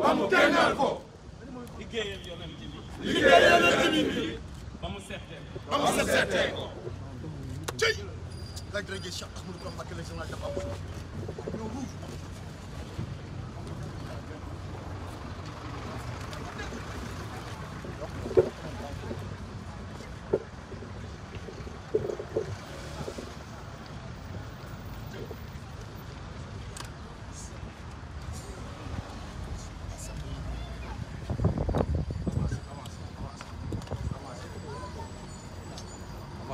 ba mu kennal ko. liggéeyal yonent bi. liggéeyal yonent bi. ba mu settee ko. ba mu settee ko. tey. laaj rajo Cheikh Ahmadou Bamba Mbacké la journal dafa am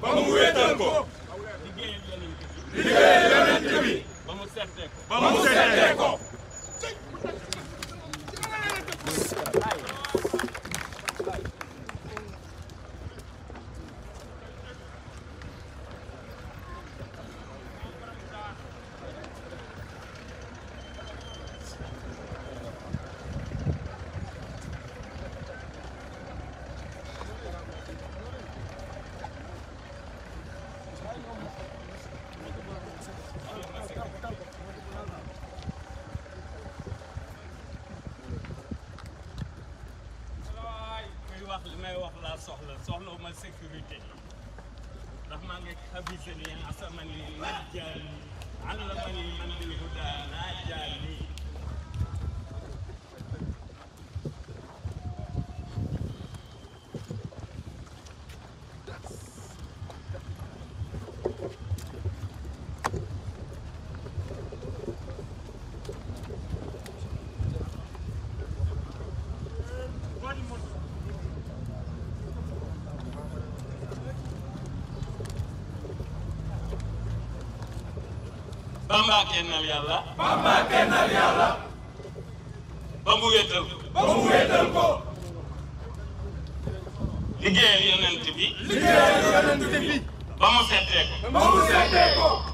ba mu wéetal ko liggéeyal yonent bi ba mu settee ko li may wax laa soxla soxla ma sécurité ndax maa ngi xabisani asamani najjaani allamani man bil huda najjaani Bamba kennal yàlla. ba mu settee ko. ba mu settee ko.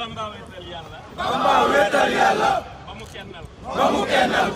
Bamba wéetal yàlla. ba mu kennal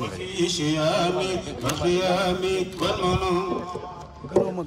وفي شيامي وخيامي والمنام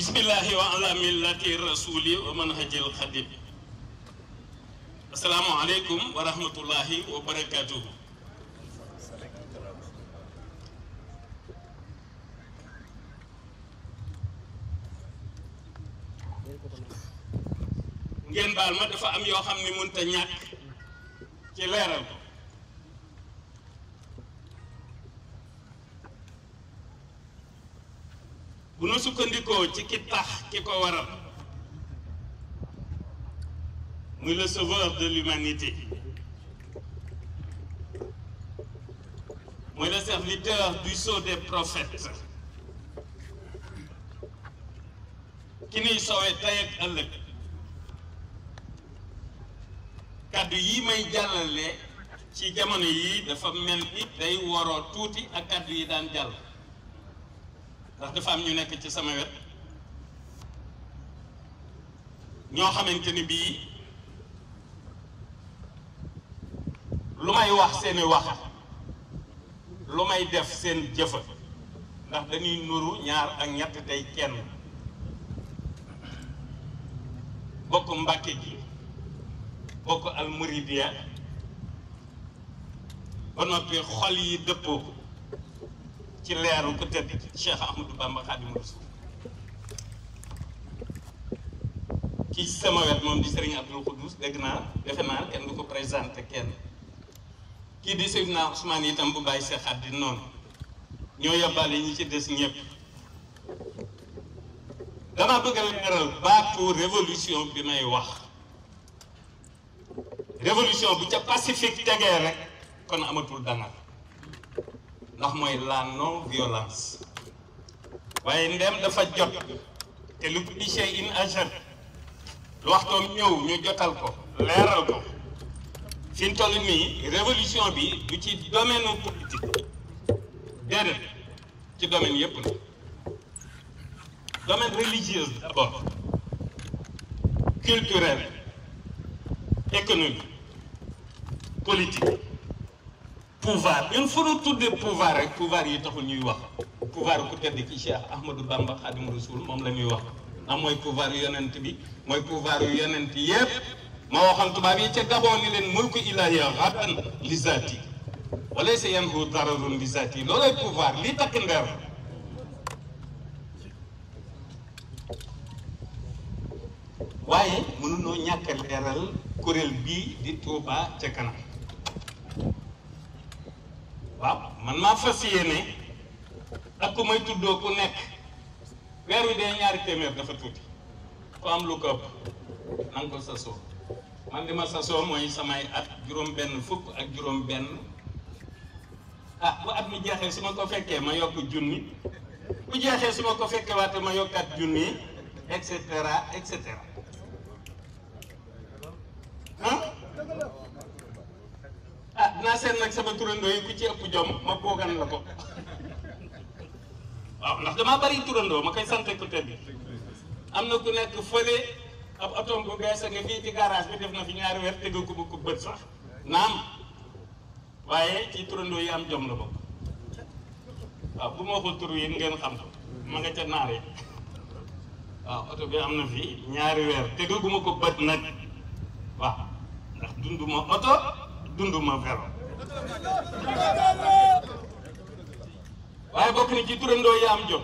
bismillahi wa ala millati rasuli wa manhajil xadim asalaamu aleykum wa rahmatullahi wa barakatuhu ngeen baal ma am yoo xam ne mënut bu nu sukkandikoo ci ki tax ki ko waral muy le sauveur de l'humanité mooy le serviteur du sceau des prophètes ki nuy soowee tey ak ëllëg kàddu yi may jàllale ci jamono yii dafa mel ni day woroo tuuti ak kàddu yi daan jàll ndax dafa am ñu nekk ci sama wet ñoo xamante ni bii lu may wax seeni wax lu may def seen jëfa ndax dañuy nuru ñaar ak ñett tey kenn bokk Mbàkke gi bokk almuridiya ba noppi xol yi dëppoo ci leeru ku tedd Cheikh Ahmadou Bamba Xaadimu Rasuul kii sama wet moom di Serigne Abdoul Khoudous dégg naa defe naa kenn du ko présenté kenn kii di Seydina Ousmane tam bu bàyyi Cheikh Xaadim noonu ñoo yóbbaale ñi ci des ñëpp dama bëgg leeral baatu révolution bi may wax révolution bu ca pacifique tegee rek kon amatul dangal ndax mooy la non violence waaye ndem dafa jot te lu cliché in agent lu waxtoom ñëw ñu jotal ko leeral ko fi mu révolution bi du ci domaine politique déedéet ci domaine yépp la domaine religieux d'abord culturel économique politique pouvoir ñun fu nu tuddee pouvoir rek pouvoir yi taxul ñuy wax pouvoir ku tedd ki Cheikh Ahmadou Bamba Khadim Rasoul moom la ñuy wax ndax mooy pouvoir yu yonent bi mooy pouvoir yu yonent yépp ma waxal tubaab yi ca Gabon ni leen mulku ilahiya rabban li zaati wala sa yan hu dararun li zaati loolay pouvoir li takk ndeer waaye mënunoo ñàkk leeral kuréel bi di Touba ca kanam waaw man maa fas yéene ak ku may tuddoo ku nekk weer wi dee ñaari téeméer dafa tuuti ku am lu ko ëpp na nga ko sasoo man di ma sasoo mooy samay at juróom-benn fukk ak juróom-benn ah bu at mi jeexee su ma ko fekkee ma yokk junni bu jeexee su ma ko fekkee waate ma yokkaat junni et cetera et cetera. dinaa seet nag sama turandoo yi ku ci ëpp jom ma boogan la ko waaw ndax damaa bari turandoo ma koy sante ku tedd am na ku nekk fële ab atom bu bees def na fi ñaari weer tëgg ko ba ko bët sax naam tur yi ngeen xam ko ma nga ca naar yi waaw oto bi am na fi ñaari weer tëgg gu ma ko bët nag waaw ndax dunduma oto dunduma vélo waaye bokk na ci turandoo yi am jom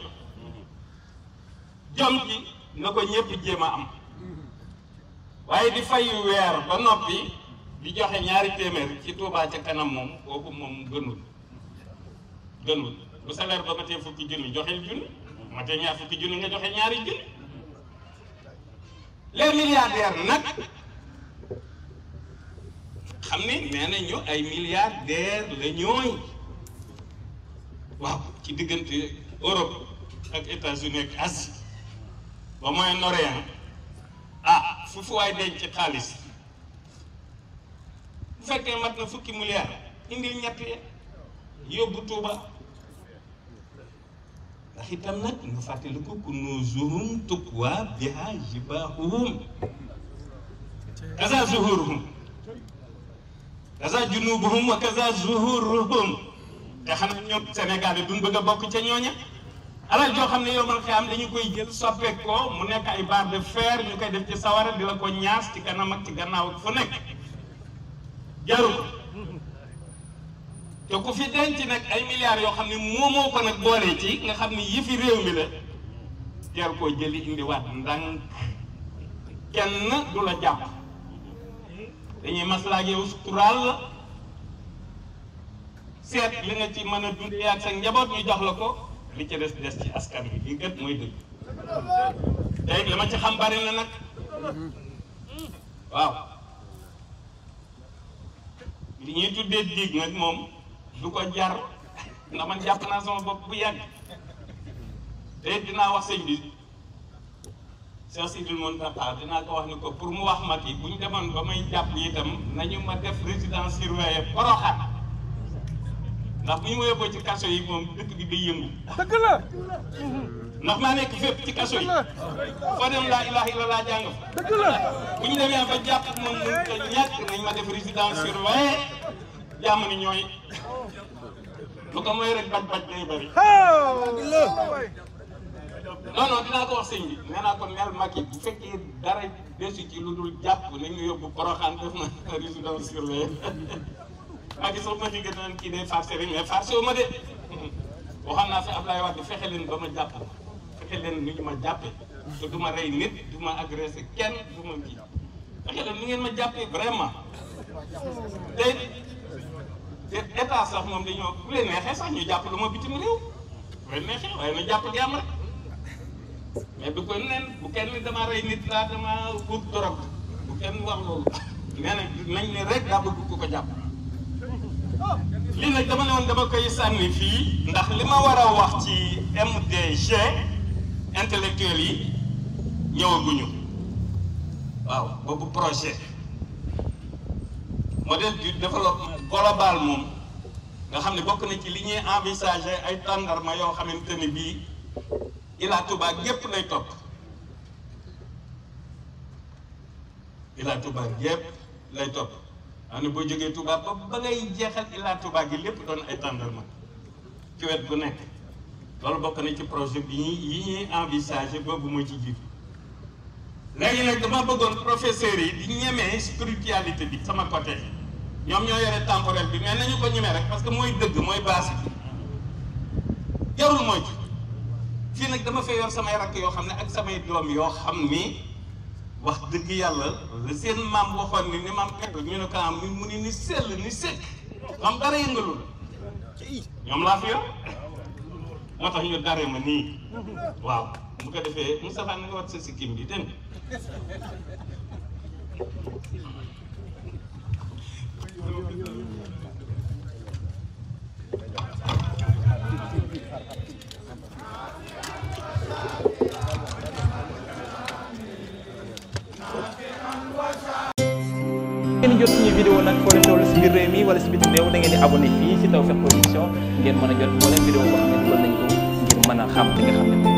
jom ci na ko ñëpp jéem a am waaye di fay weer ba noppi di joxe ñaari téeméer ci Touba ca kanam moom kooku moom gënul gënul bu salaire ba matee fukki junni joxel junni matee ñaar fukki junni nga joxe ñaari junni les milliardaires nag xam ne nee nañu ay milliardaire la ñooy waaw ci diggante Europe ak États-Unis ak Asie ba Moyen-Orient ah fu fu waay denc xaalis bu fekkee mat na fukki milliard indil ñett yóbbu Tuuba ndax itam nag ñu fàttaliku kunuuzuhum tukwaa bihaa jibaahuhum kasaa zuhuruhum kaza junubuhum wa kaza zuhuruhum te xam ne ñoom Sénégal yi duñ bëgg a bokk ca ñooña alal yoo xam ne yow man xiyaam dañu koy jël soppe mu nekk ay barre de fer ñu koy def ci sawara di la ko ñaas ci kanam ci gannaaw ak fu nekk jaru te ku fi denc nag ay milliards yoo xam ne moomoo ko nag boole ci nga xam ne yëfi réew mi la jar koo jëli indiwaat ndànk kenn du la jàpp dañuy mas ak yow suturaal la seet li nga ci mën a dundee ak sa njaboot ñu jox la ko li ci des des ci askan bi li gët mooy dëgg tey li ma ci xam bari na nag waaw li ñuy tuddee diig nag moom du ko jar ndax man jàpp naa sama bopp bu yàgg dinaa wax sëñ bi Cheikh Sidil Mountakha dinaa ko wax ni ko pour mu wax ma kii bu ñu demoon ba may jàpp itam nañu ma def résidence surveillée Porokhane ndax bu ñu ma yóbboo ci kaso yi moom dëkk bi day yëngu. dëgg la. ndax maa nekk fépp ci kaso yi. foo dem laa ilaha illallah jàng bu ñu demee ba jàpp moom mënut ko ñàkk nañ ma def résidence surveillée jàmm ni ñooy lu mooy rek baj baj day bëri. non non dinaa ko wax sëñ bi nee naa ko neel Macky bu fekkee dara desu ci lu dul jàpp nañu yóbbu Porokhane def na risu daw surveillé Macky soo ma kii day farcé rek mais farcé wu ma de waxoon naa fi Ablaye Wade fexe leen ba ma jàpp fexe leen ni ma jàppe te ma rey nit du ma agressé kenn du ma kii fexe ngeen ma jàppee vraiment te état sax moom dañoo bu leen neexee sax ñu jàpp lu ma bitim réew bu leen neexee waaye na jàpp gi am rek mais du ko nen bu kenn dama rey nit laa dama wut dorog bu kenn wax loolu nee nañ ne rek daa bëgg ku ko jàpp lii nag dama ne woon dama koy sànni fii ndax li ma war a wax ci MDG intellectuel yi ñëwaguñu waaw boobu projet modèle du développement global moom nga xam ne bokk na ci li ñuy envisager ay tàndarma yoo xamante ni bii Ila Touba gépp lay topp Ila Touba gépp lay topp xam ne boo jógee Touba ba ba ngay jeexal Ila Touba gi lépp doon ay tàndarma ci wet bu nekk loolu bokk na ci projet bi yi ñuy envisager boobu moo ci jiitu léegi nag dama bëggoon professeurs yi di ñemee spiritualité bi sama côté ñoom ñoo yore temporel bi mais nañu ko ñemee rek parce que mooy dëgg mooy base bi jarul mooy ci fii nag dama fay yor samay rakk yoo xam ne ak samay doom yoo xam ni wax dëgg yàlla la seen maam waxoon ni ni maam kër ñu ne ko am mu ni ni sell ni sëkk xam dara yëngalu la ñoom laa fi yor moo tax ñu daree ma nii waaw bu ko defee Moustapha na nga wat sa sikkim bi dégg ngeen jot suñu vidéo nag foo leen toll si biir réew mi si biti réew da ngeen di abonné fii si Tawfekh Production ngeen mën a jot moo leen vidéo boo xam ne dugal nañ ko ngir mën a xam li xam